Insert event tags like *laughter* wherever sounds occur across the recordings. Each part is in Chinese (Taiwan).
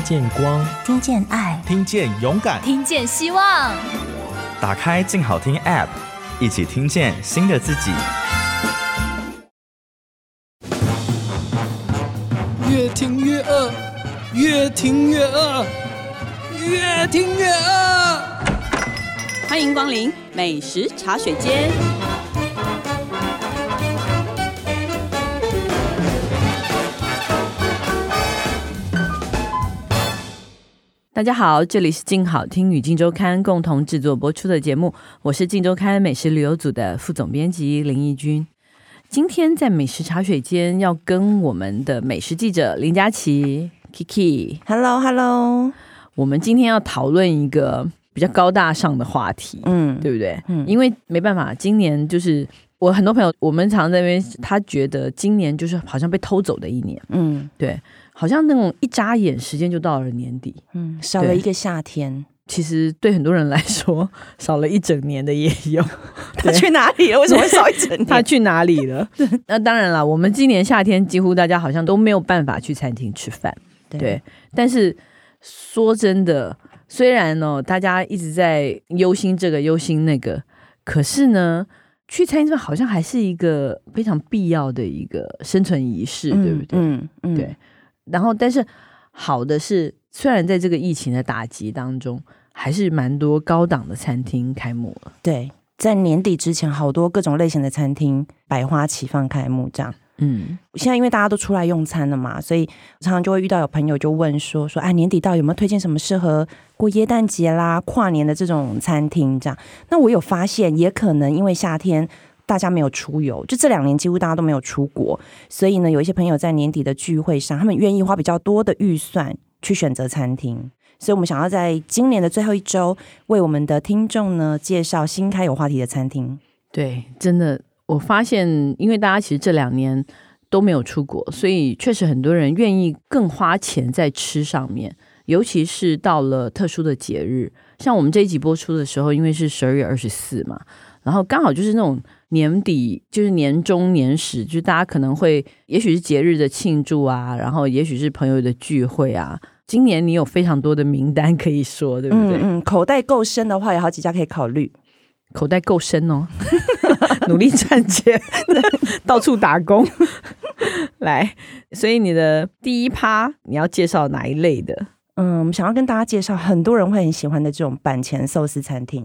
聽見光，聽見愛，聽見勇敢，聽見希望。打開靜好聽 App，一起聽見新的自己。越聽越餓，越聽越餓，越聽越餓。歡迎光臨美食茶水間。大家好，這裡是靜好聽與靜週刊共同制作播出的節目，我是靜週刊美食旅遊組的副總編輯林奕君。今天在美食茶水間要跟我們的美食記者林佳琪 Kiki，Hello, Hello，我們今天要討論一個比較高大上的話題，嗯，對不對？嗯，因為沒辦法，今年就是我很多朋友，我們常在那邊，他覺得今年就是好像被偷走的一年，嗯，對。好像那種一眨眼，時間就到了年底。嗯，少了一個夏天，其實對很多人來說，少了一整年的也有。他去哪裡了？為什麼少一整年？ *laughs* 他去哪裡了？ *laughs* 那當然了，我們今年夏天幾乎大家好像都沒有辦法去餐廳吃飯。對，但是說真的，雖然呢、哦，大家一直在憂心這個憂心那個，可是呢，去餐廳好像還是一個非常必要的一個生存儀式、嗯，對不對？嗯，嗯對。然後，但是好的是，雖然在這個疫情的打擊當中，還是蠻多高檔的餐廳開幕了。對，在年底之前，好多各種類型的餐廳百花齊放開幕，這樣。嗯，現在因為大家都出來用餐了嘛，所以我常常就會遇到有朋友就問說，說啊，年底到底有沒有推薦什麼適合過耶誕節啦、跨年的這種餐廳？這樣，那我有發現，也可能因為夏天。大家沒有出遊，就這兩年幾乎大家都沒有出國，所以呢，有一些朋友在年底的聚會上，他們願意花比較多的預算去選擇餐廳。所以我們想要在今年的最後一周，為我們的聽眾呢介紹新開有話題的餐廳。對，真的，我發現，因為大家其實這兩年都沒有出國，所以確實很多人願意更花錢在吃上面，尤其是到了特殊的節日，像我們這一集播出的時候，因為是十二月二十四嘛，然後剛好就是那種。年底，就是年終年始，就大家可能會，也許是節日的慶祝啊，然後也許是朋友的聚會啊。今年你有非常多的名單可以說，對不對？嗯，嗯，口袋夠深的話，有好幾家可以考慮。口袋夠深哦， *laughs* *laughs* 努力賺賺錢， *laughs* *laughs* 到處打工 *laughs* *laughs* *laughs* 來，所以你的第一趴你要介紹哪一類的？嗯，我們想要跟大家介紹很多人會很喜歡的這種板前壽司餐廳。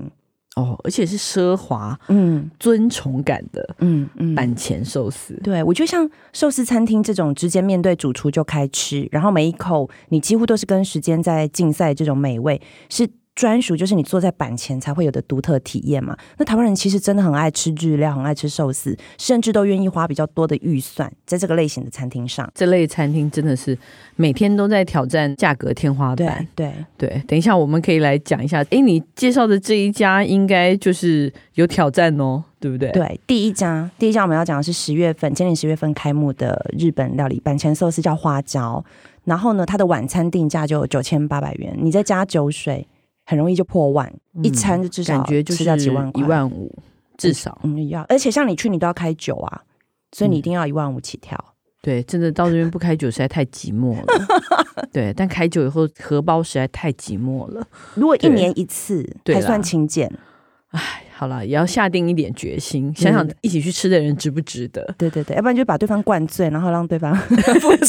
哦，而且是奢華、嗯，尊崇感的，嗯嗯，板前壽司。對，我覺得像壽司餐廳這種，直接面對主廚就開吃，然後每一口你幾乎都是跟時間在競賽，這種美味是。專屬就是你坐在板前才會有的獨特體驗嘛。那台灣人其實真的很愛吃日料，很愛吃壽司，甚至都願意花比較多的預算在這個類型的餐廳上。這類餐廳真的是每天都在挑戰價格天花板。對對對，等一下我們可以來講一下。哎，你介紹的這一家應該就是有挑戰哦，對不對？對，第一家，第一家我們要講的是十月份，今年十月份開幕的日本料理板前壽司叫花椒，然後呢，它的晚餐定價就有九千八百元，你再加酒水，很容易就破萬，一餐就至少、嗯、感覺就是一萬五，至少、嗯嗯嗯、要。而且像你去，你都要開酒啊，所以你一定要一萬五起跳。嗯、對，真的到這邊不開酒實在太寂寞了。 *laughs* 對，但開酒以後，荷包， *laughs* 酒以後荷包實在太寂寞了。如果一年一次，還算勤儉。哎，好了，也要下定一點決心，對對對，想想一起去吃的人值不值得？對對對，要不然就把對方灌醉，然後讓對方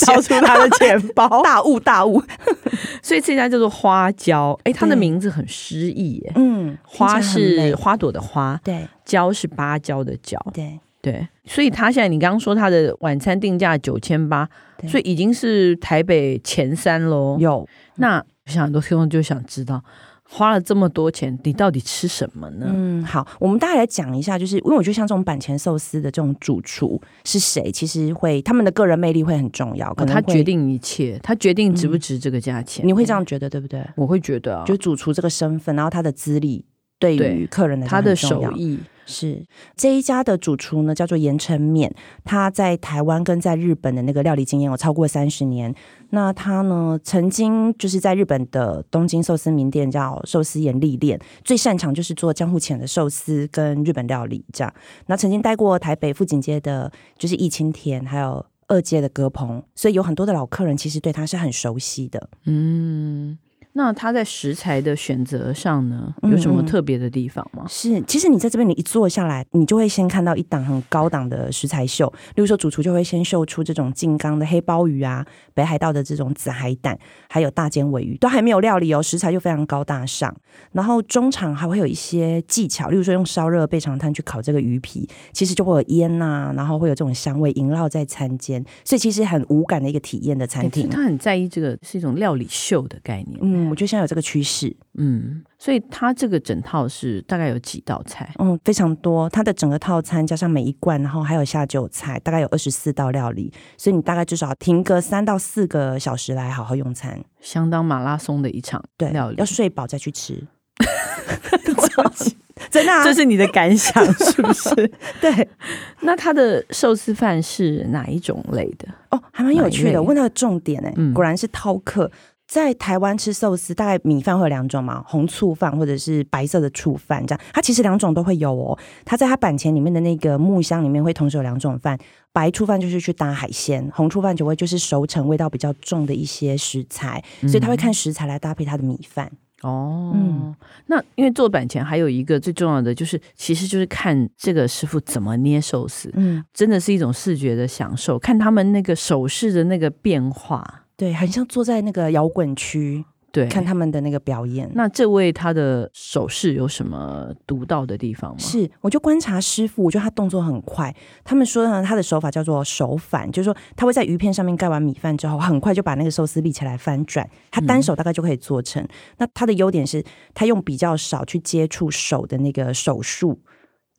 掏 *laughs* 出他的錢包。 *laughs* 大誤大誤， *laughs* 所以這家叫做花椒，哎、欸，它的名字很詩意耶。嗯，花是花朵的花，對，椒是芭蕉的椒，對對。所以他現在你剛剛說他的晚餐定價九千八，所以已經是台北前三嘍。有，那我想很多聽眾就想知道。花了這麼多錢，你到底吃什麼呢？嗯，好，我們大概來講一下，就是因為我覺得像這種板前壽司的這種主廚是誰，其實會他們的個人魅力會很重要，可能、啊、他決定一切，他決定值不值這個價錢、嗯，你會這樣覺得、嗯、對不對？我會覺得啊，就主廚這個身份，然後他的資歷。對於客人的他的手藝是這一家的主廚呢，叫做鹽城勉。他在台灣跟在日本的那個料理經驗有超過三十年。那他呢，曾經就是在日本的東京壽司名店叫壽司鹽歷練，最擅長就是做江戶前的壽司跟日本料理這樣。那曾經待過台北富錦街的，就是益清田，還有二街的格棚，所以有很多的老客人其實對他是很熟悉的。嗯。那它在食材的選擇上呢，有什麼特別的地方嗎、嗯？是，其實你在這邊，你一坐下來，你就會先看到一檔很高檔的食材秀。例如說，主廚就會先秀出這種靜岡的黑鮑魚啊，北海道的這種紫海膽，還有大間鮪魚，都還沒有料理哦，食材就非常高大上。然後中場還會有一些技巧，例如說用燒熱的備長炭去烤這個魚皮，其實就會有煙吶、啊，然後會有這種香味縈繞在餐間，所以其實很無感的一個體驗的餐廳。欸、他很在意這個是一種料理秀的概念，嗯。我覺得現在有這個趨勢，嗯，所以它這個整套是大概有幾道菜？嗯，非常多。它的整個套餐加上每一貫，然後還有下酒菜，大概有二十四道料理。所以你大概至少要停個三到四個小時來好好用餐，相當馬拉松的一場料理。對，要要睡飽再去吃。 *laughs* 超級 *laughs* 真的，啊，這是你的感想是不是？ *laughs* 對。那它的壽司飯是哪一種類的？哦，還蠻有趣的。我問到重點哎，欸嗯，果然是饕客。在台灣吃壽司，大概米飯會有兩種嘛，紅醋飯或者是白色的醋飯，這樣它其實兩種都會有哦。它在它板前裡面的那個木箱裡面會同時有兩種飯，白醋飯就是去搭海鮮，紅醋飯就會就是熟成味道比較重的一些食材，嗯，所以他會看食材來搭配它的米飯。哦，嗯，那因為做板前還有一個最重要的就是，其實就是看這個師傅怎麼捏壽司，嗯，真的是一種視覺的享受，看他們那個手勢的那個變化。對，很像坐在那個搖滾區，對，看他們的那個表演。那這位他的手勢有什麼獨到的地方嗎？是，我就觀察師傅，我覺得他動作很快。他們說呢，他的手法叫做手反，就是說他會在魚片上面蓋完米飯之後，很快就把那個壽司立起來翻轉，他單手大概就可以做成。嗯、那他的優點是他用比較少去接觸手的那個手術，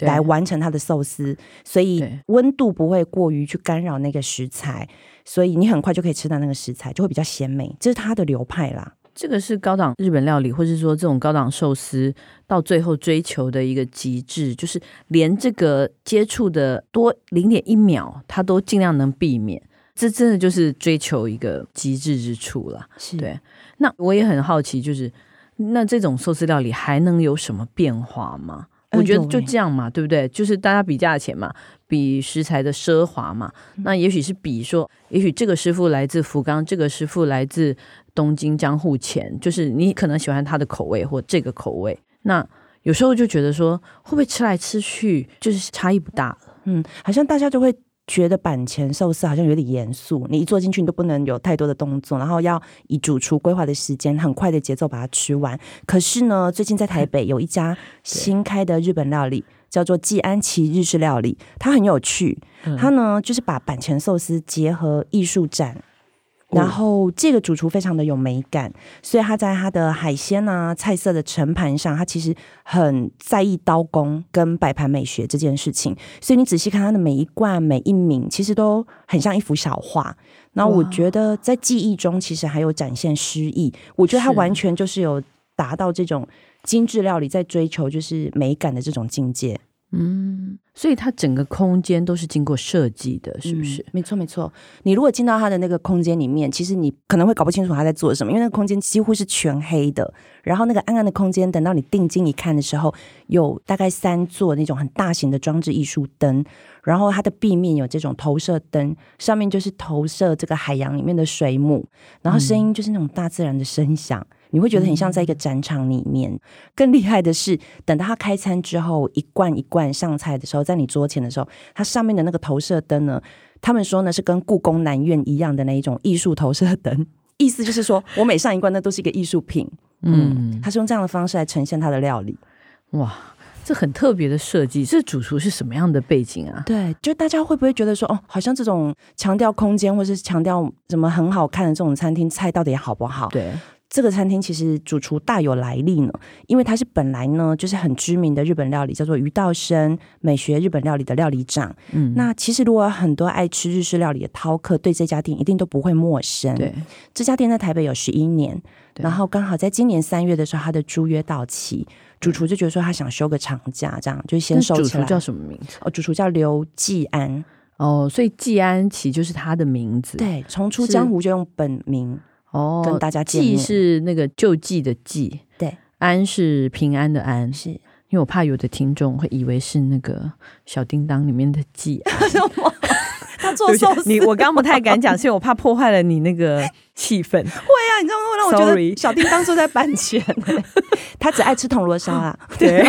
來完成它的壽司，所以溫度不會過於去干擾那個食材，所以你很快就可以吃到那個食材，就會比較鮮美。這是它的流派啦。這個是高檔日本料理，或是說這種高檔壽司，到最後追求的一個極致，就是連這個接觸的多零點一秒，它都盡量能避免。這真的就是追求一個極致之處啦。是。對。那我也很好奇，就是那這種壽司料理還能有什麼變化嗎？我覺得就這樣嘛，嗯對，對不對？就是大家比價錢嘛，比食材的奢華嘛。那也許是比說，也許這個師傅來自福岡，這個師傅來自東京江戶前。就是你可能喜歡他的口味或這個口味。那有時候就覺得說，會不會吃來吃去就是差異不大？嗯，好像大家就會。覺得板前壽司好像有點嚴肅，你一坐進去你都不能有太多的動作，然後要以主廚規劃的時間，很快的節奏把它吃完。可是呢，最近在台北有一家新開的日本料理，嗯、叫做季安琪日式料理，它很有趣。它呢就是把板前壽司結合藝術展。然後這個主廚非常的有美感，所以他在他的海鮮啊菜色的盛盤上，他其實很在意刀工跟擺盤美學這件事情。所以你仔細看他的每一罐、每一皿，其實都很像一幅小畫。然後我覺得在記憶中，其實還有展現詩意。我覺得他完全就是有達到這種精致料理在追求就是美感的這種境界。嗯，所以它整個空間都是經過設計的，是不是？嗯，沒錯，沒錯。你如果進到它的那個空間裡面，其實你可能會搞不清楚他在做什麼，因為那個空間幾乎是全黑的。然後那個暗暗的空間，等到你定睛一看的時候，有大概三座那種很大型的裝置藝術燈，然後它的壁面有這種投射燈，上面就是投射這個海洋裡面的水母，然後聲音就是那種大自然的聲響。嗯。你會覺得很像在一個展場裡面，嗯。更厲害的是，等到他開餐之後，一貫一貫上菜的時候，在你桌前的時候，它上面的那個投射燈呢，他們說呢是跟故宮南院一樣的那一種藝術投射燈。 *laughs* 意思就是說，我每上一貫，那都是一個藝術品嗯。嗯，他是用這樣的方式來呈現他的料理。哇，這很特別的設計。這主廚是什麼樣的背景啊？對，就大家會不會覺得說，哦，好像這種強調空間，或者是強調什麼很好看的這種餐廳，菜到底好不好？對。這個餐廳其實主廚大有來歷呢，因為他是本來呢就是很知名的日本料理，叫做魚道生美學日本料理的料理長。嗯，那其實如果很多愛吃日式料理的饕客對這家店一定都不會陌生。對，這家店在台北有十一年，然後剛好在今年三月的時候，他的租約到期，主廚就覺得說他想休個長假，這樣就先收起來。主廚叫什麼名字？哦，主廚叫劉季安。哦，所以季安琪就是他的名字。對，重出江湖就用本名。哦，跟大家講濟是那個救濟的濟，對，安是平安的安，是因為我怕有的聽眾會以為是那個小叮噹裡面的技安啊， *laughs* 他做壽司， *laughs* 你我剛不太敢講，因為我怕破壞了你那個氣氛。 *laughs* 會啊，你知道嗎？會讓我覺得小叮噹坐在板前、欸， *laughs* 他只愛吃銅鑼燒啊。對。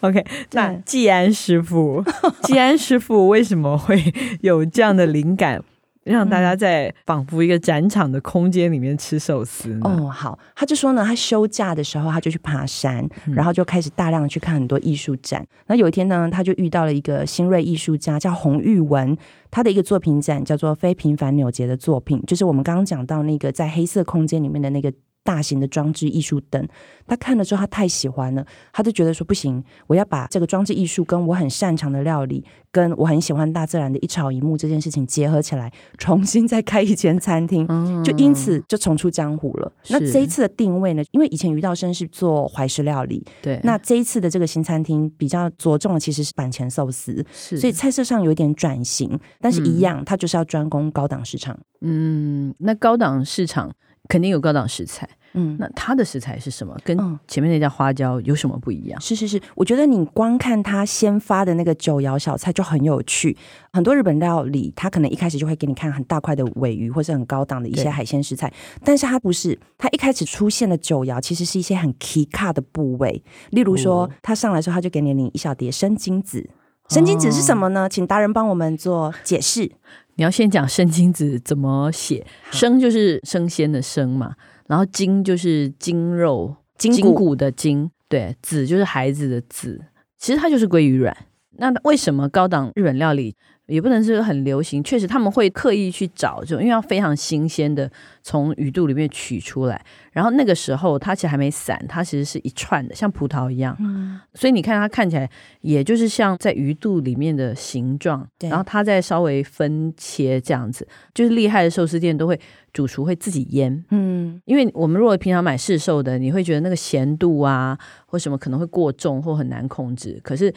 OK，那濟安師傅，濟 *laughs* 安師傅為什麼會有這樣的靈感？讓大家在仿佛一個展場的空間裡面吃壽司哦。好，他就說呢，他休假的時候他就去爬山，嗯，然後就開始大量去看很多藝術展。那有一天呢，他就遇到了一個新銳藝術家叫洪玉文，他的一個作品展叫做《非平凡扭結》的作品，就是我們剛剛講到那個在黑色空間裡面的那個。大型的裝置藝術等，他看了之後，他太喜歡了，他就覺得說不行，我要把這個裝置藝術跟我很擅長的料理，跟我很喜歡大自然的一草一木這件事情結合起來，重新再開一間餐廳，就因此就重出江湖了，嗯。那這一次的定位呢？因為以前余道生是做懷石料理，對，那這一次的這個新餐廳比較着重的其實是板前壽司，是，所以菜色上有點轉型，但是一樣，他、嗯、就是要專攻高檔市場。嗯，那高檔市場肯定有高檔食材。嗯，那它的食材是什麼？跟前面那家花椒有什麼不一樣？是是是，我覺得你光看他先發的那個酒肴小菜就很有趣。很多日本料理，他可能一開始就會給你看很大塊的鮪魚，或是很高檔的一些海鮮食材。但是它不是，它一開始出現的酒肴其實是一些很奇卡的部位，例如說，他、哦、上來時候他就給你領一小碟生筋子。生筋子是什麼呢？哦、請達人幫我們做解釋。你要先講生筋子怎麼寫，生就是生鮮的生嘛。然後，筋就是筋肉筋，筋骨的筋，對，子就是孩子的子，其實它就是鮭魚卵。那為什麼高檔日本料理？也不能是很流行，確實他們會刻意去找這種，因為要非常新鮮的從魚肚裡面取出來，然後那個時候它其實還沒散，它其實是一串的，像葡萄一樣，嗯、所以你看它看起來也就是像在魚肚裡面的形狀，然後它再稍微分切這樣子，就是厲害的壽司店都會主廚會自己醃，嗯，因為我們如果平常買市售的，你會覺得那個鹹度啊或什麼可能會過重或很難控制，可是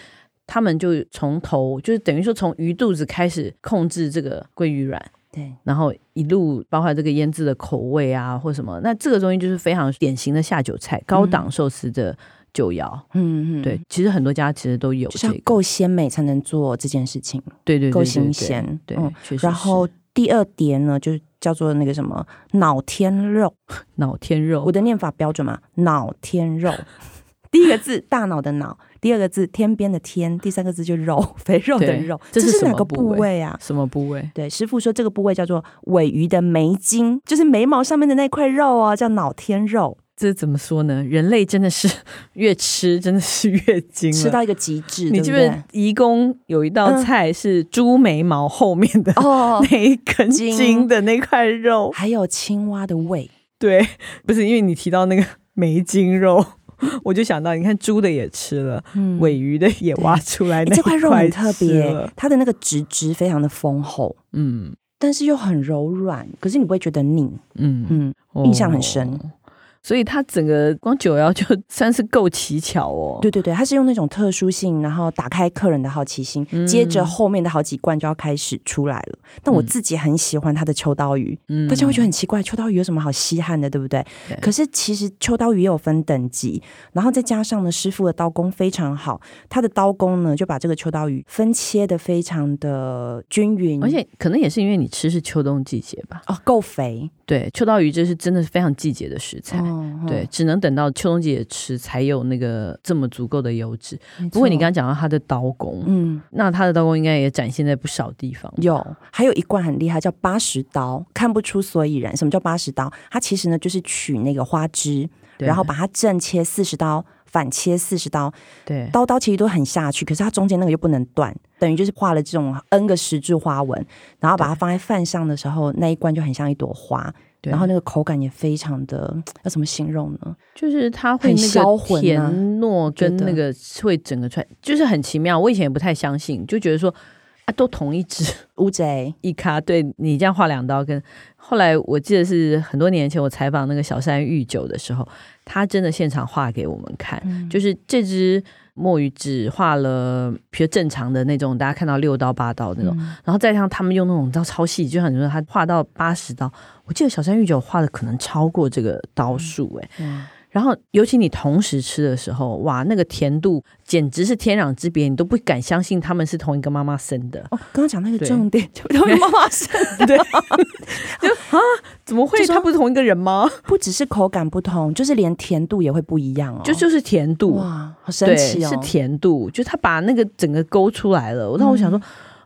他們就從頭，就是等於說從魚肚子開始控制這個鮭魚卵，對，然後一路包括這個醃製的口味啊，或什麼，那這個東西就是非常典型的下酒菜，嗯，高檔壽司的酒肴嗯對，其實很多家其實都有，這個，就夠鮮美才能做這件事情。對對、對、對、對、對，夠新鮮。對，對嗯、然後第二點呢，就是叫做那個什麼腦天肉，腦天肉，我的念法標準嗎？腦天肉。 *laughs* 第一個字大腦的腦，第二個字天邊的天，第三個字就肉，肥肉的肉。這，這是哪個部位啊？什麼部位？對，師傅說這個部位叫做鮪魚的眉筋，就是眉毛上面的那塊肉啊、哦，叫腦天肉。這怎麼說呢？人類真的是越吃真的是越精了，吃到一個極致對對。你記不？移工有一道菜是豬眉毛後面的、嗯、那一根筋的那塊肉，還有青蛙的胃。對，不是因為你提到那個眉筋肉。 *laughs* 我就想到，你看豬的也吃了，鮪、嗯、魚的也挖出來那、欸。這塊肉很特別，它的那個脂質非常的豐厚，嗯，但是又很柔軟，可是你不會覺得膩，嗯嗯，印象很深。哦所以他整個光九幺，就算是夠奇巧哦。對對對，他是用那種特殊性，然後打開客人的好奇心，嗯、接着後面的好幾罐就要開始出來了。但我自己很喜歡他的秋刀魚，大家會覺得很奇怪，秋刀魚有什麼好稀罕的，對不對？對，可是其實秋刀魚也有分等級，然後再加上呢，師傅的刀工非常好，他的刀工呢，就把這個秋刀魚分切得非常的均勻，而且可能也是因為你吃是秋冬季節吧，哦，夠肥，對，秋刀魚這是真的是非常季節的食材。哦 *noise* 對，只能等到秋冬季節吃才有那個這麼足夠的油脂。不過你剛剛講到他的刀工，嗯，那他的刀工應該也展現在不少地方。有，還有一貫很厲害，叫八十刀，看不出所以然。什麼叫八十刀？它其實呢就是取那個花枝，然後把它正切四十刀，反切四十刀，對，刀刀其實都很下去，可是它中間那個又不能斷，等於就是畫了這種 n 個十字花紋，然後把它放在飯上的時候，那一貫就很像一朵花。然後那個口感也非常的，要怎麼形容呢？就是它會很甜糯，跟那個會整個出來，就是很奇妙。我以前也不太相信，就覺得說啊，都同一隻烏賊一卡對你這樣畫兩刀跟，跟後來我記得是很多年前我採訪那個小三玉九的時候，他真的現場畫給我們看，嗯、就是這隻。墨魚紙畫了，比較正常的那種，大家看到六刀八刀那種，嗯、然後再像他們用那種刀超細，就像你說他畫到八十刀，我記得小山玉九畫的可能超過這個刀數，哎、嗯。嗯然後，尤其你同時吃的時候，哇，那個甜度簡直是天壤之別，你都不敢相信他們是同一個媽媽生的。哦，剛剛講那個重點，就同一個媽媽生的， *laughs* 對 *laughs* 就啊，怎麼會？說他不同一個人嗎？不只是口感不同，就是連甜度也會不一樣哦，就就是甜度哇，好神奇哦，是甜度，就他把那個整個勾出來了。我、嗯、那我想說。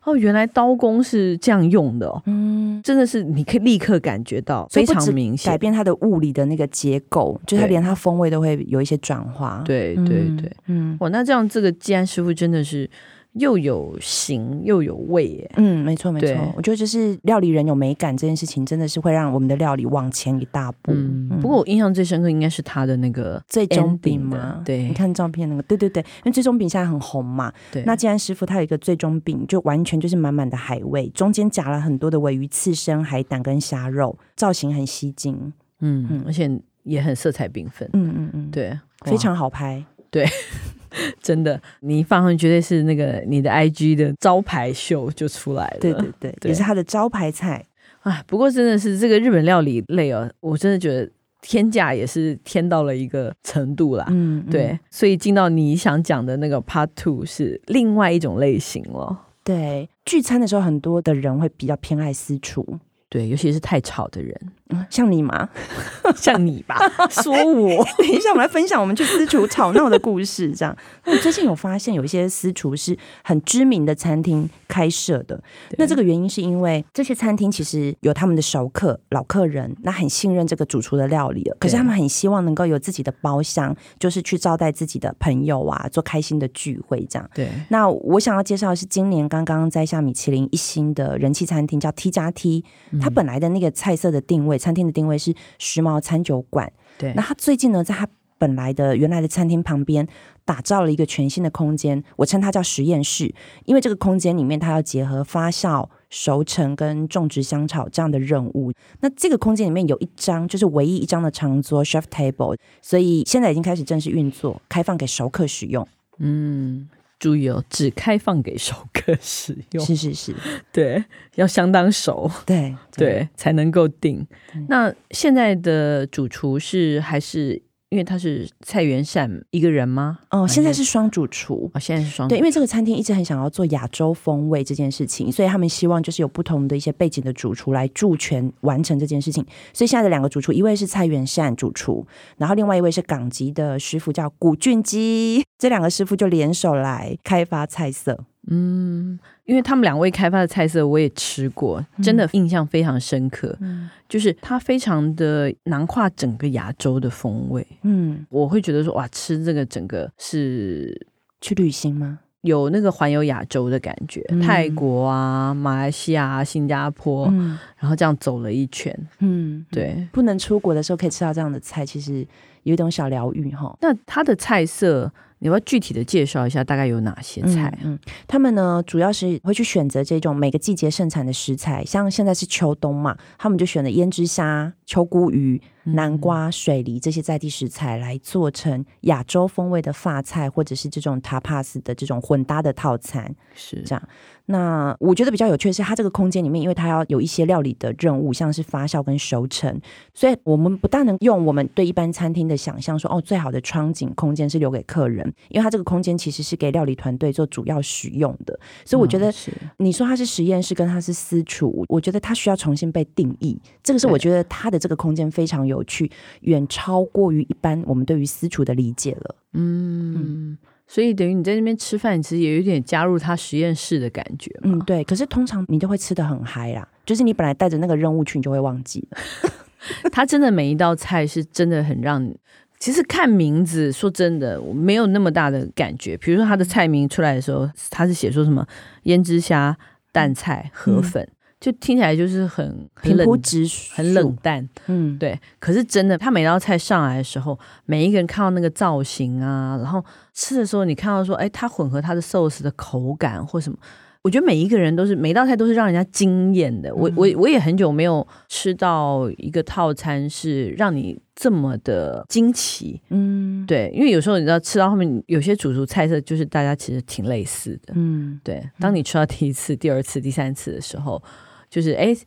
哦，原來刀工是這樣用的、哦，嗯，真的是你可以立刻感覺到非常明顯，改變它的物理的那個結構，就是、它連它風味都會有一些轉化，對對對，對，嗯，哦、嗯，那這樣這個既然師傅真的是。又有型又有味。嗯，沒錯沒錯，我覺得就是料理人有美感這件事情，真的是會讓我們的料理往前一大步。嗯嗯、不過我印象最深刻應該是他的那個最終餅嘛，對，你看照片那個，對對對，因為最終餅現在很紅嘛，對。那既然師傅他有一個最終餅，就完全就是滿滿的海味，中間夾了很多的鮪魚刺身、海膽跟蝦肉，造型很吸睛，嗯嗯，而且也很色彩繽紛，嗯嗯嗯，對，非常好拍，對。 *laughs* 真的，你一放上去，絕對是那個你的 IG 的招牌秀就出來了。對對對，對也是他的招牌菜啊。不過真的是這個日本料理類哦，我真的覺得天價也是天到了一個程度啦。嗯，嗯，對，所以進到你想講的那個 part two 是另外一種類型了。對，聚餐的時候很多的人會比較偏愛私廚，對，尤其是太吵的人。嗯、像你嗎？像你吧。 *laughs* 說我等一下，我們來分享我們去私廚吵鬧的故事。這樣， *laughs* 嗯、我最近有發現有一些私廚是很知名的餐廳開設的。那這個原因是因為這些餐廳其實有他們的熟客、老客人，那很信任這個主廚的料理了。可是他們很希望能夠有自己的包廂，就是去招待自己的朋友啊，做開心的聚會這樣。對。那我想要介紹的是今年剛剛摘下米其林一星的人氣餐廳，叫 T 加 T、嗯。它本來的那個菜色的定位，餐廳的定位是時髦餐酒館，對。那他最近呢，在他本來的原來的餐廳旁邊打造了一個全新的空間，我稱它叫實驗室，因為這個空間裡面它要結合發酵、熟成跟種植香草這樣的任務。那這個空間裡面有一張就是唯一一張的長桌 （Chef Table），所以現在已經開始正式運作，開放給熟客使用。嗯。注意哦，只開放給熟客使用。是是是，對，要相當熟， *laughs* 對對，對，才能夠定。那現在的主廚是還是？因為他是蔡元善一個人嗎？哦，現在是雙主廚，哦，現在是雙主廚。對，因為這個餐廳一直很想要做亞洲風味這件事情，所以他們希望就是有不同的一些背景的主廚來助拳完成這件事情。所以現在的兩個主廚，一位是蔡元善主廚，然後另外一位是港籍的師傅叫古俊基，這兩個師傅就聯手來開發菜色。嗯，因為他們兩位開發的菜色我也吃過，真的印象非常深刻。嗯，就是它非常的囊括整個亞洲的風味。嗯，我會覺得說哇，吃這個整個是去旅行嗎？有那個環遊亞洲的感覺，泰國啊，馬來西亞啊、新加坡、嗯，然後這樣走了一圈。嗯，對，不能出國的時候可以吃到這樣的菜，其實有一種小療癒哈。那它的菜色，你要，要具體的介紹一下，大概有哪些菜啊嗯？嗯，他們呢主要是會去選擇這種每個季節盛產的食材，像現在是秋冬嘛，他們就選了胭脂蝦、秋菇魚、南瓜、水梨這些在地食材、嗯、來做成亞洲風味的法菜，或者是這種 tapas 的這種混搭的套餐，是這樣。那我覺得比較有趣的是，它這個空間裡面，因為它要有一些料理的任務，像是發酵跟熟成，所以我們不大能用我們對一般餐廳的想象說，哦，最好的窗景空間是留給客人。因為它這個空間其實是給料理團隊做主要使用的，所以我覺得你說它是實驗室跟它是私廚，我覺得它需要重新被定義。這個是我覺得它的這個空間非常有趣，遠超過於一般我們對於私廚的理解了。嗯，嗯，所以等於你在那邊吃飯，其實也有點加入他實驗室的感覺。嗯，對。可是通常你都會吃得很嗨啦，就是你本來帶着那個任務去，你就會忘記了。 *laughs* 他真的每一道菜是真的很讓你。其實看名字，說真的，我沒有那麼大的感覺。比如說他的菜名出來的時候，他是寫說什麼“胭脂蝦”“淡菜”“河粉”，嗯，就聽起來就是很很冷很冷淡。嗯，對。可是真的，他每道菜上來的時候，每一個人看到那個造型啊，然後吃的時候，你看到說，誒它混合他的壽司的口感或什麼。我覺得每一個人都是每道菜都是讓人家驚豔的。嗯、我我我也很久沒有吃到一個套餐是讓你這麼的驚奇。嗯，對，因為有時候你知道吃到後面，有些主廚菜色就是大家其實挺類似的。嗯，對。當你吃到第一次、嗯、第二次、第三次的時候，就是哎 A,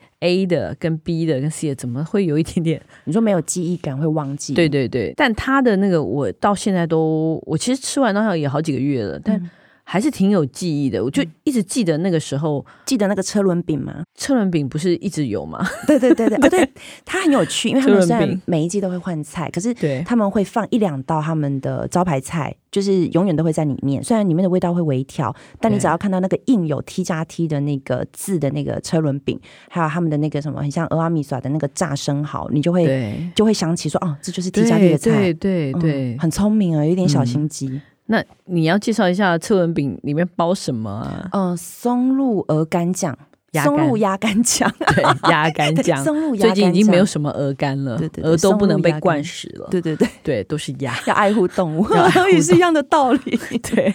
A 的跟 B 的跟 C 的怎麼會有一點點？你說沒有記憶感會忘記？對對對。但他的那個我到現在都我其實吃完之後也好幾個月了，但。嗯還是挺有記憶的，我就一直記得那個時候、嗯，記得那個車輪餅嗎？車輪餅不是一直有嗎？對對對對， *laughs* 對，哦、對，它很有趣，因為他們雖然每一季都會換菜，可是他們會放一兩道他們的招牌菜，就是永遠都會在裡面。雖然裡面的味道會微調，但你只要看到那個印有 T 加 T 的那個字的那個車輪餅，還有他們的那個什麼，很像阿、啊、米莎的那個炸生蠔，你就會就會想起說，哦，這就是 T 加 T 的菜，對對對，對，對、嗯，很聰明啊，有點小心機。嗯那你要介紹一下車輪餅裡面包什麼啊？嗯、呃，松露鵝肝醬，鴨肝，松露鴨肝醬，對，鴨肝醬， *laughs* 對，鴨肝醬 *laughs* 對，松露鴨肝醬。最近已經沒有什麼鵝肝了，鵝都不能被灌食了，對對對對，都是鴨，要愛護動物，然後 *laughs* 也是一樣的道理。對，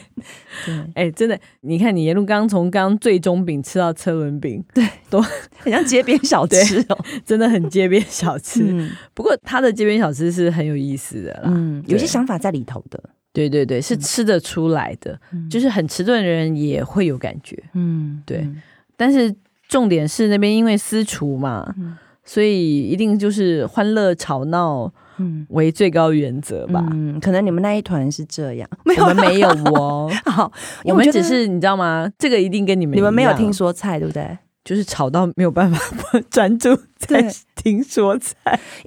哎、 *laughs* 欸，真的，你看你沿路剛從剛最終餅吃到車輪餅，對，都 *laughs* 很像街邊小吃哦，真的很街邊小吃。 *laughs* 嗯、不過他的街邊小吃是很有意思的啦，嗯，有些想法在裡頭的。對對對，是吃得出來的、嗯，就是很遲鈍的人也會有感覺，嗯，對。嗯、但是重點是那邊因為私廚嘛、嗯，所以一定就是歡樂吵鬧為最高原則吧。嗯，可能你們那一團是這樣，沒有沒有哦。 *laughs* 好我，我們只是你知道嗎？這個一定跟你們你們沒有聽說菜，對不對？就是吵到沒有辦法專 *laughs* 注在聽說菜，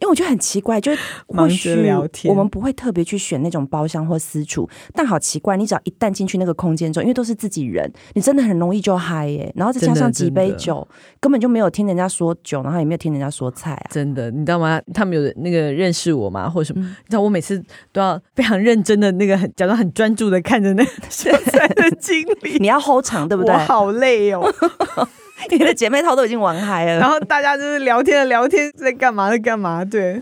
因為我覺得很奇怪，就是忙着聊天，我們不會特別去選那種包廂或私廚，但好奇怪，你只要一旦進去那個空間中，因為都是自己人，你真的很容易就嗨耶、欸，然後再加上幾杯酒，根本就沒有聽人家說酒，然後也沒有聽人家說菜，啊，真的，你知道嗎？他們有那個認識我嗎？或者什麼？嗯，你知道我每次都要非常認真的那個很假裝很專注的看着那現在的經理， *laughs* 你要 hold 場對不對？我好累哦。 *laughs* 你的姐妹淘都已經玩嗨了， *laughs* 然後大家就是聊天的聊天，在幹嘛在幹嘛？對，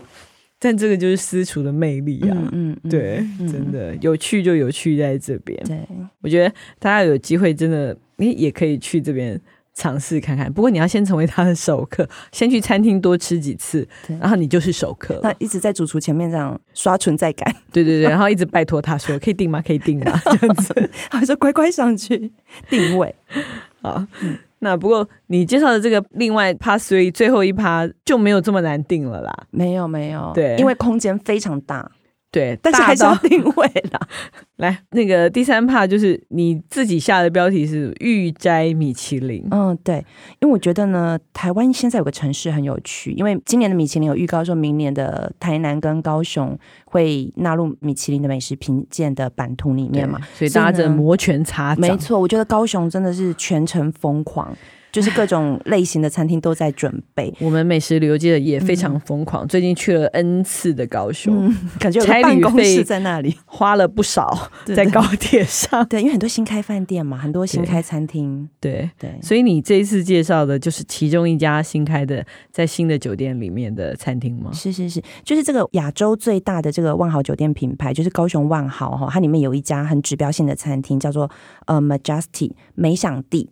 但這個就是私廚的魅力啊！嗯，嗯對嗯，真的有趣就有趣在這邊。對，我覺得大家有機會真的，你也可以去這邊嘗試看看，不過你要先成為他的熟客，先去餐廳多吃幾次，然後你就是熟客。那一直在主廚前面這樣刷存在感？對對對，然後一直拜托他說：“ *laughs* 可以訂嗎？可以訂嗎？”這樣子， *laughs* 他說：“乖乖上去定位。”好。嗯那不過你介紹的這個另外趴，所以最後一趴就沒有這麼難訂了啦。沒有，沒有，對，因為空間非常大。對，但是還是要定位啦。 *laughs* 來，那個第三趴就是你自己下的標題是《預摘米其林》。嗯，對，因為我覺得呢，台灣現在有個城市很有趣，因為今年的米其林有預告說，明年的台南跟高雄會納入米其林的美食品鑒的版圖裡面嘛，所以大家摩拳擦掌。沒錯，我覺得高雄真的是全城瘋狂。 *laughs* 就是各種類型的餐廳都在準備。 *laughs* 我們美食旅遊界的也非常瘋狂、嗯。最近去了 N 次的高雄，嗯、感覺有個辦公室在那裡 *laughs* 花了不少，在高鐵上對對對。對，因為很多新開飯店嘛，很多新開餐廳。對對,對。所以你這一次介紹的就是其中一家新開的，在新的酒店裡面的餐廳嗎？是是是，就是這個亞洲最大的這個萬豪酒店品牌，就是高雄萬豪哈、哦，它裡面有一家很指標性的餐廳，叫做呃 Majesty 美想地。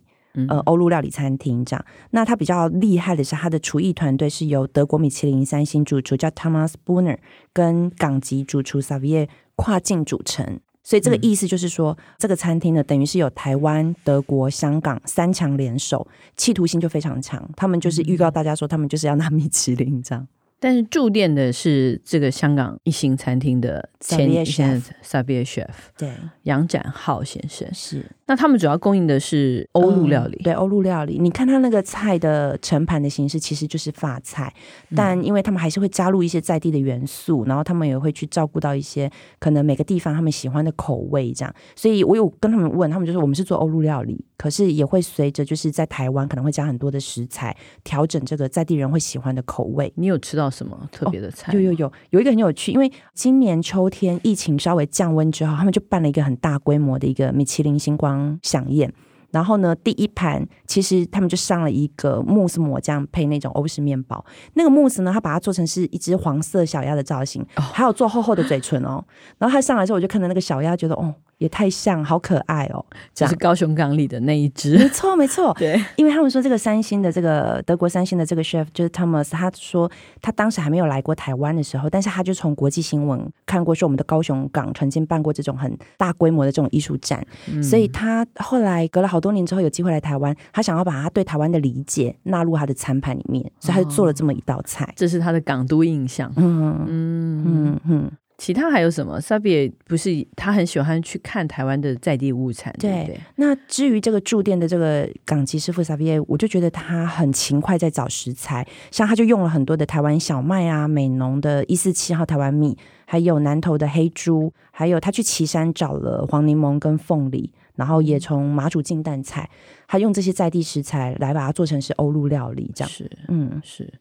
呃，歐陸料理餐廳這樣，那他比較厲害的是他的廚藝團隊是由德國米其林三星主廚叫 Thomas Buhner 跟港籍主廚 Savier 跨境組成，所以這個意思就是說，嗯、這個餐廳呢，等於是有台灣、德國、香港三強聯手，企圖心就非常強。他們就是預告大家說，他們就是要拿米其林這樣。但是駐店的是這個香港一星餐廳的前現任 s a b v a Chef，對，楊展浩先生是。那他們主要供應的是歐陸料理，嗯、對，歐陸料理。你看他那個菜的盛盤的形式，其實就是法菜，但因為他們還是會加入一些在地的元素、嗯，然後他們也會去照顧到一些可能每個地方他們喜歡的口味這樣。所以我有跟他們問，他們就說我們是做歐陸料理。可是也會隨着，就是在台灣可能會加很多的食材，調整這個在地人會喜歡的口味。你有吃到什麼特別的菜、哦？有有有，有一個很有趣，因為今年秋天疫情稍微降溫之後，他們就辦了一個很大規模的一個米其林星光饗宴。然後呢，第一盤其實他們就上了一個慕斯抹這樣配那種歐式麵包。那個慕斯呢，他把它做成是一隻黃色小鴨的造型，還有做厚厚的嘴唇哦。然後他上來之後，我就看到那個小鴨，覺得哦，也太像，好可愛哦。這樣，這是高雄港裡的那一隻。沒錯沒錯。對，因為他們說這個三星的這個德國三星的這個 chef 就是 Thomas，他說他當時還沒有來過台灣的時候，但是他就從國際新聞看過，說我們的高雄港曾經辦過這種很大規模的這種藝術展，嗯、所以他後來隔了好。多年之後有機會來台灣，他想要把他對台灣的理解納入他的餐盤裡面，所以他做了這麼一道菜，哦、這是他的港都印象。嗯嗯嗯嗯。其他還有什麼？Sabi 不是他很喜歡去看台灣的在地物產。對,對,對。那至於這個駐店的這個港籍師傅 Sabi，我就覺得他很勤快，在找食材。像他就用了很多的台灣小麥啊，美濃的一四七號台灣米，還有南投的黑豬，還有他去旗山找了黃檸檬跟鳳梨。然後也從麻糬浸蛋菜，還用這些在地食材來把它做成是歐陸料理，這樣是，嗯是，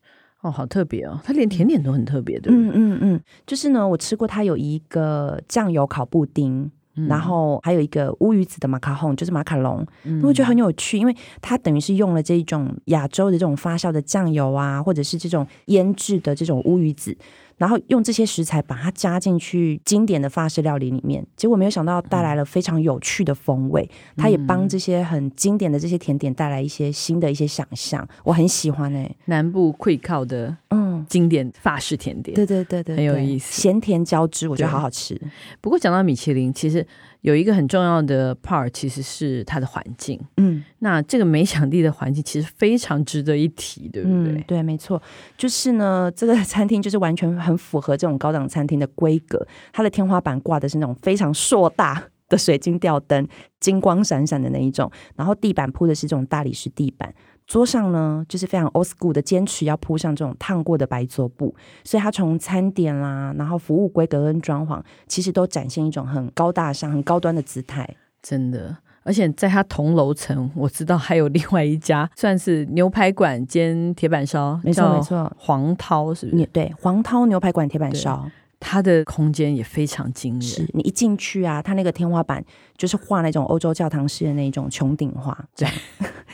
哦好特別哦，它連甜點都很特別的，嗯嗯嗯，就是呢，我吃過它有一個醬油烤布丁，嗯、然後還有一個烏魚子的馬卡紅，就是馬卡龍，嗯、我覺得很有趣，因為它等於是用了這種亞洲的這種發酵的醬油啊，或者是這種醃制的這種烏魚子。然後用這些食材把它加進去經典的法式料理裡面，結果沒有想到帶來了非常有趣的風味。嗯、它也幫這些很經典的這些甜點帶來一些新的一些想象，嗯、我很喜歡哎、欸。南部饋靠的嗯經典法式甜點，嗯、對，對對對對，很有意思，鹹甜交織，我覺得好好吃。不過講到米其林，其實。有一個很重要的 part，其實是它的環境。嗯，那這個沒想地的環境其實非常值得一提，對不對？嗯，對，沒錯，就是呢，這個餐廳就是完全很符合這種高檔餐廳的規格。它的天花板掛的是那種非常碩大的水晶吊燈，金光閃閃的那一種。然後地板鋪的是這種大理石地板。桌上呢，就是非常 old school 的，堅持要鋪上這種燙過的白桌布，所以他從餐點啦，然後服務規格跟裝潢，其實都展現一種很高大上、很高端的姿態。真的，而且在他同樓層，我知道還有另外一家，算是牛排館兼鐵板燒，沒錯沒錯，黃濤是不是？對，黃濤牛排館鐵板燒。它的空間也非常驚人是，你一進去啊，它那個天花板就是畫那種歐洲教堂式的那種穹頂畫，對。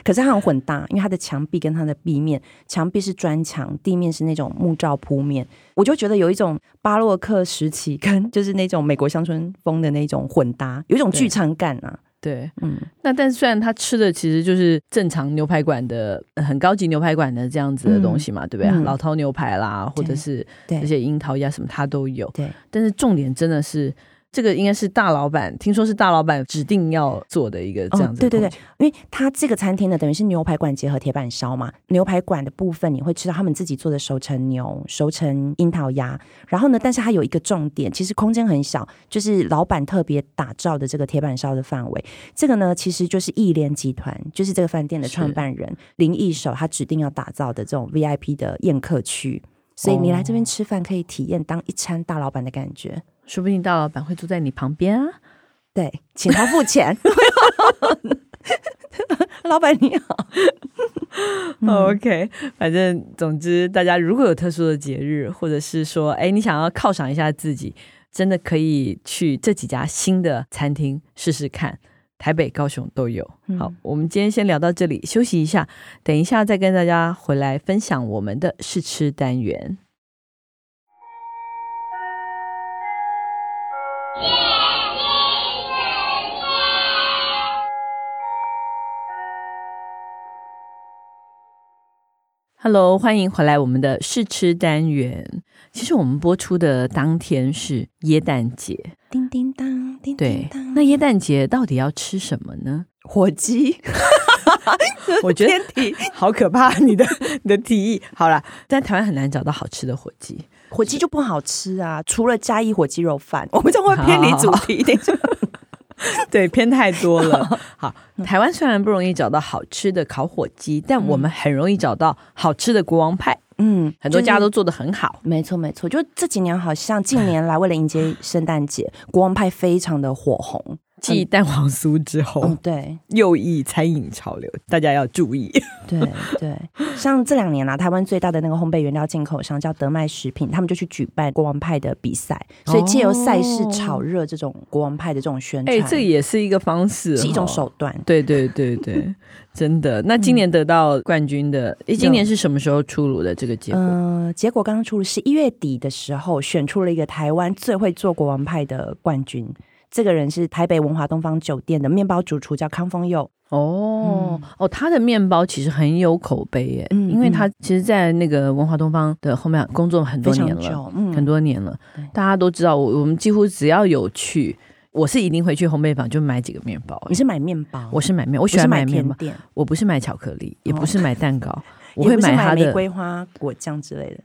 可是它很混搭，因為它的牆壁跟它的壁面，牆壁是磚牆，地面是那種木造鋪面，我就覺得有一種巴洛克時期跟就是那種美國鄉村風的那種混搭，有一種劇場感啊。對，嗯，那但是雖然他吃的其實就是正常牛排館的、呃、很高級牛排館的這樣子的東西嘛，嗯、對不、啊、對？老饕牛排啦，或者是這些櫻桃鴨什麼，他都有。對，但是重點真的是。這個應該是大老板，聽說是大老板指定要做的一個這樣子、哦。對對對，因為他這個餐廳呢，等於是牛排館結合鐵板燒嘛。牛排館的部分你會吃到他們自己做的熟成牛、熟成櫻桃鴨。然後呢，但是它有一個重點，其實空間很小，就是老板特別打造的這個鐵板燒的範圍。這個呢，其實就是義聯集團，就是這個飯店的創辦人林義守，他指定要打造的這種 VIP 的宴客區。所以你來這邊吃飯，可以體驗當一餐大老板的感覺。哦說不定大老板會坐在你旁邊啊，對，請他付錢。 *laughs* *laughs* *laughs* 老板你好、 *laughs* oh，OK。反正總之，大家如果有特殊的節日，或者是說，哎、欸，你想要犒賞一下自己，真的可以去這幾家新的餐廳試試看，台北、高雄都有。好，我們今天先聊到這裡，休息一下，等一下再跟大家回來分享我們的試吃單元。Hello，歡迎回來我們的試吃單元。其實我們播出的當天是耶誕節，叮叮當，叮叮當。對，那耶誕節到底要吃什麼呢？火雞？ *laughs* 我覺得好可怕，你的你的提議。好了，在台灣很難找到好吃的火雞。火雞就不好吃啊，除了嘉義火雞肉飯，我們就會偏離主題。好好好一點， *laughs* *laughs* 對偏太多了。好，台灣雖然不容易找到好吃的烤火雞，嗯、但我們很容易找到好吃的國王派。嗯，很多家都做得很好。就是、沒錯沒錯，就這幾年好像近年來為了迎接聖誕節，國王派非常的火紅。繼蛋黃酥之後，嗯嗯、對，又一餐飲潮流，大家要注意。對對，像這兩年啊，台灣最大的那個烘焙原料進口商叫德麥食品，他們就去舉辦國王派的比賽，所以借由賽事炒熱這種國王派的這種宣傳。哦、誒、這也是一個方式，是一種手段。對對對對，對對對 *laughs* 真的。那今年得到冠軍的，嗯、今年是什麼時候出爐的這個結果？呃，結果剛剛出爐，十一月底的時候選出了一個台灣最會做國王派的冠軍。這個人是台北文華東方酒店的麵包主廚，叫康峰佑。哦、嗯、哦，他的麵包其實很有口碑耶，嗯、因為他其實，在那個文華東方的後面工作很多年了，嗯，很多年了。大家都知道，我我們幾乎只要有去，我是一定會去烘焙坊，就買幾個麵包。你是買麵包、啊？我是買麵，我喜歡買麵包買店。我不是買巧克力，也不是買蛋糕，哦、我會買他的買玫瑰花果醬之類的。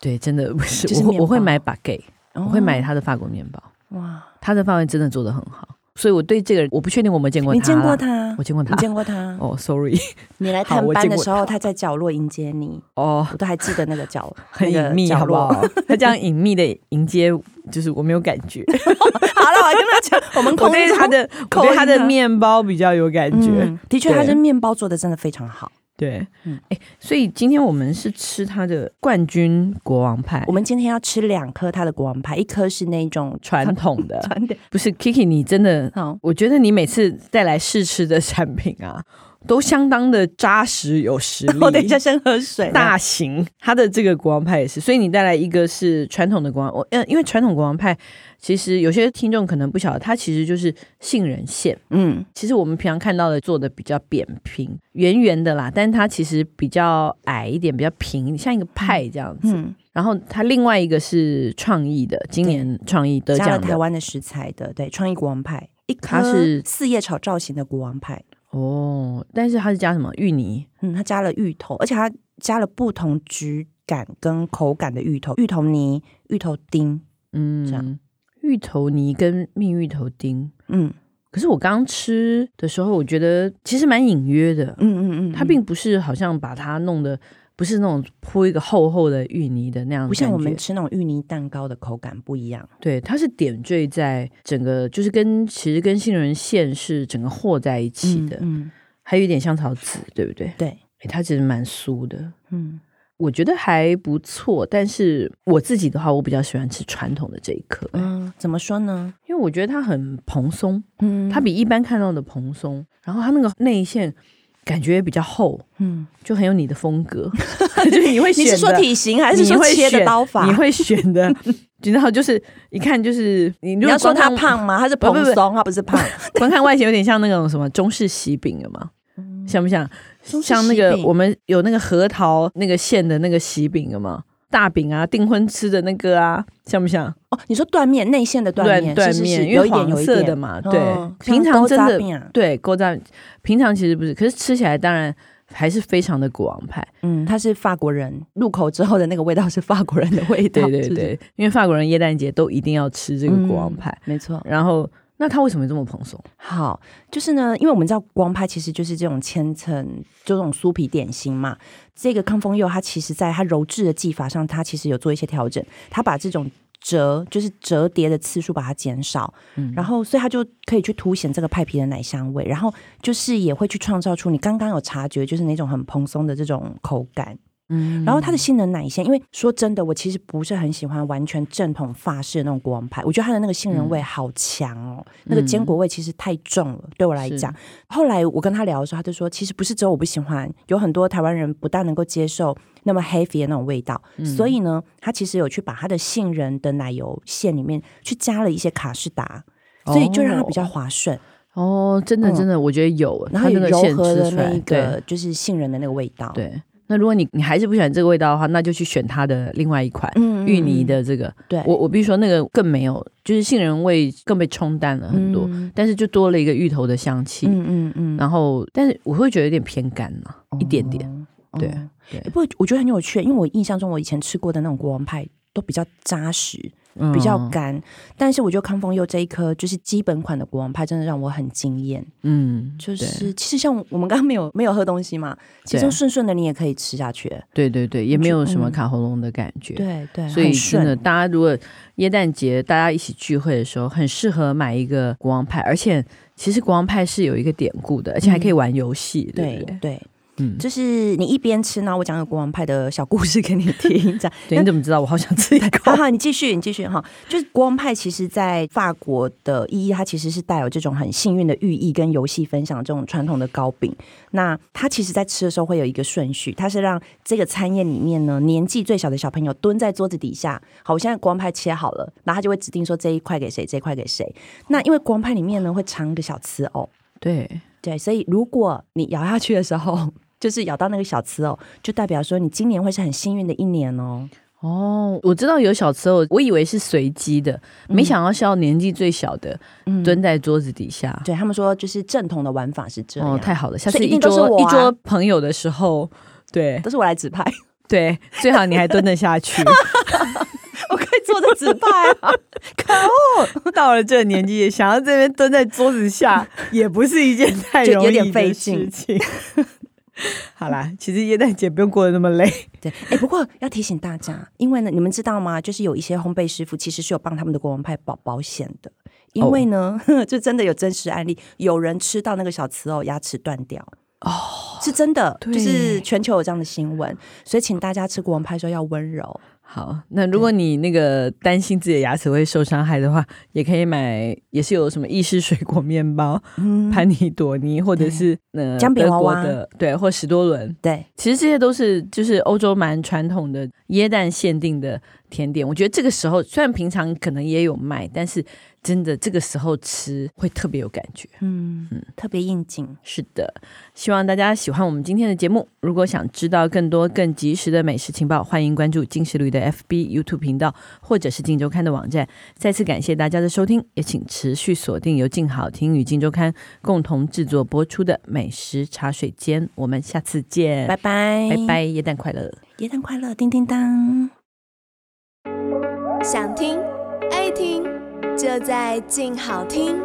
對，真的不是，是啊、我會我會買 Baguette、哦、我會買他的法國麵包。哇，他的範圍真的做得很好，所以我對這個人，我不確定，我沒見過他，你見過他，我見過他，你見過他。哦、oh,，sorry，你來探班的時候，他，他在角落迎接你。哦、oh,，我都還記得那個角很隱秘、那個角落，好不好？他這樣隱秘的迎接， *laughs* 就是我沒有感覺。 *laughs* *laughs* 好了，我還跟他講， *laughs* 我們我他的我他的麵包比較有感覺。嗯、的確，他的麵包做得真的非常好。對，哎，所以今天我們是吃它的冠軍國王派。我們今天要吃兩顆它的國王派，一顆是那種傳統, *laughs* 傳統的，不是 Kiki？你真的， *laughs* 我覺得你每次帶來試吃的產品啊。都相當的扎實有實力。我等一下先喝水。大型，它的這個國王派也是，所以你帶來一個是傳統的國王。我嗯，因為傳統國王派其實有些聽眾可能不曉得，它其實就是杏仁餡。嗯，其實我們平常看到的做的比較扁平、圓圓的啦，但它其實比較矮一點，比較平，像一個派這樣子。然後它另外一個是創意的，今年創意的加了台灣的食材的，對，創意國王派，一顆是四葉草造型的國王派。哦，但是它是加什麼芋泥？嗯，它加了芋頭，而且它加了不同質感跟口感的芋頭，芋頭泥、芋頭丁，嗯，這樣，芋頭泥跟蜜芋頭丁，嗯，可是我剛吃的時候，我覺得其實蠻隱約的，嗯嗯嗯，嗯，它並不是好像把它弄得。不是那種鋪一個厚厚的芋泥的那樣的，不像我們吃那種芋泥蛋糕的口感不一樣。對，它是點綴在整個，就是跟其實跟杏仁餡是整個和在一起的，嗯，嗯，還有一點香草籽，對不對？對，它其實蠻酥的，嗯，我覺得還不錯。但是我自己的話，我比較喜歡吃傳統的這一顆。嗯，怎麼說呢？因為我覺得它很蓬鬆，嗯，它比一般看到的蓬鬆。然後它那個內餡。感覺比較厚，嗯，就很有你的風格， *laughs* 就是你會選 *laughs* 你是說體型還是說切的刀法？你會選，你會選的，然 *laughs* 後 *laughs* 就是一看就是你看，你要說他胖嗎？他是蓬鬆，不不不，他不是胖，光 *laughs* 看外形，有點像那種什麼中式喜餅了嗎？想、嗯、不想像，像那個我們有那個核桃那個餡的那個喜餅了嗎？大餅啊，訂婚吃的那個啊，像不像？哦，你說斷面內餡的斷面，斷面是有顏色的嘛，對、嗯，平常真的，的對，勾扎，平常其實不是，可是吃起來當然還是非常的國王派。嗯，它是法國人入口之後的那個味道是法國人的味道，對對對，是是因為法國人耶誕節都一定要吃這個國王派，嗯、沒錯。然後，那它為什麼這麼蓬鬆？好，就是呢，因為我們知道國王派其實就是這種千層，就這種酥皮點心嘛。這個抗風釉，它其實，在它揉製的技法上，它其實有做一些調整。它把這種折，就是折疊的次數把它減少，嗯，然後所以它就可以去凸顯這個派皮的奶香味，然後就是也會去創造出你剛剛有察覺，就是那種很蓬鬆的這種口感。嗯，然後它的杏仁奶餡，因為說真的，我其實不是很喜歡完全正統法式的那種國王派，我覺得它的那個杏仁味好強哦，嗯、那個堅果味其實太重了，對我來講。後來我跟他聊的時候，他就說，其實不是只有我不喜歡，有很多台灣人不大能夠接受那麼 heavy 的那種味道，嗯，所以呢，他其實有去把他的杏仁的奶油餡裡面去加了一些卡士達，哦，所以就讓它比較滑順。哦，真的真的，我覺得有，嗯、它真的融合了那個就是杏仁的那個味道，對。那如果你你還是不喜歡這個味道的話，那就去選它的另外一款嗯嗯芋泥的這個。對我我比如說那個更沒有，就是杏仁味更被沖淡了很多，嗯、但是就多了一個芋頭的香氣。嗯嗯，嗯然後，但是我會覺得有點偏乾嘛、嗯，一點點。對、嗯嗯、對。不過我覺得很有趣，因為我印象中我以前吃過的那種國王派都比較扎實。嗯、比較乾，但是我覺得康豐佑這一顆就是基本款的國王派，真的讓我很驚艷。嗯，就是其實像我們剛剛沒有沒有喝東西嘛，其實順順的你也可以吃下去。對對對，也沒有什麼卡喉嚨的感覺。嗯、對對，所以順的，大家如果耶誕節大家一起聚會的時候，很適合買一個國王派，而且其實國王派是有一個典故的，嗯、而且還可以玩遊戲，對對，對？對嗯、就是你一邊吃呢，然後我講個國王派的小故事給你聽，這樣。 *laughs* 對，你怎麼知道我好想吃一個？ *laughs* 好好，你繼續，你繼續哈。就是國王派其實在法國的意義，它其實是帶有這種很幸運的寓意，跟遊戲分享這種傳統的糕餅。那它其實在吃的時候會有一個順序，它是讓這個餐宴裡面呢年紀最小的小朋友蹲在桌子底下。好，我現在國王派切好了，那他就會指定說，這一塊給誰，這塊給誰。那因為國王派裡面呢會藏一個小瓷偶。對對，所以如果你咬下去的時候。就是咬到那個小刺哦，就代表說你今年會是很幸運的一年哦。哦，我知道有小刺哦，我以為是隨機的，嗯、沒想到是要年紀最小的、嗯、蹲在桌子底下。對，他們說，就是正統的玩法是這樣。哦，太好了，下次一桌一、啊、一桌朋友的時候，對，都是我來指派。對，最好你還蹲得下去。 *laughs* *laughs* 我可以坐着指派，啊。可 *laughs* 惡、哦、到了這年紀，想要這邊蹲在桌子下，也不是一件太容易的事情。 *laughs* 好啦，其實耶誕節不用過得那麼累。對，哎、欸，不過要提醒大家，因為呢，你們知道嗎？就是有一些烘焙師傅其實是有幫他們的國王派保保險的，因為呢，哦、 *laughs* 就真的有真實案例，有人吃到那個小瓷偶，牙齒斷掉哦，是真的，對，就是全球有這樣的新聞，所以請大家吃國王派的時候要溫柔。好，那如果你那個擔心自己的牙齒會受傷害的話，嗯、也可以買，也是有什麼意式水果麵包、嗯，潘尼朵尼，或者是呃薑餅娃娃，德國的，對，或史多倫，對，其實這些都是就是歐洲蠻傳統的，耶誕限定的。甜點，我覺得這個時候雖然平常可能也有賣，但是真的這個時候吃會特別有感覺，嗯，嗯，特別應景。是的，希望大家喜歡我們今天的節目。如果想知道更多更及時的美食情報，歡迎關注鏡食旅的 FB、YouTube 頻道，或者是鏡週刊的網站。再次感謝大家的收聽，也請持續鎖定由鏡好聽與鏡週刊共同製作播出的美食茶水間。我們下次見，拜拜，拜拜，耶誕快樂，耶誕快樂，叮叮噹。想聽愛聽，就在鏡好聽。